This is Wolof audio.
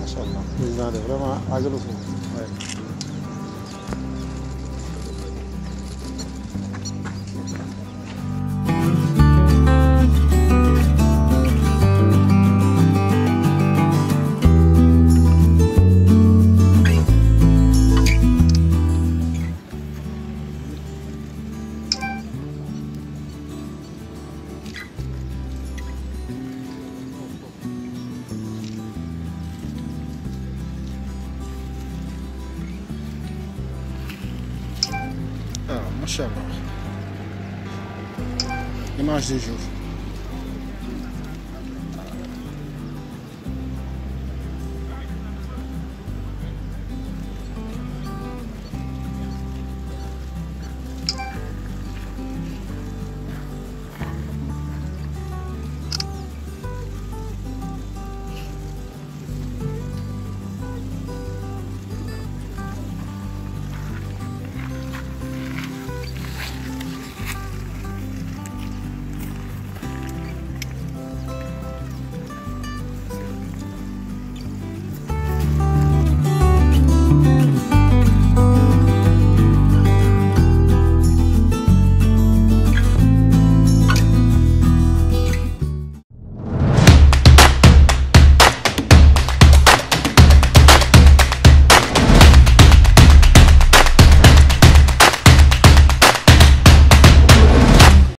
Maşallah. Bizler de var ama ayrılık mı? Evet. incha allah image du jour.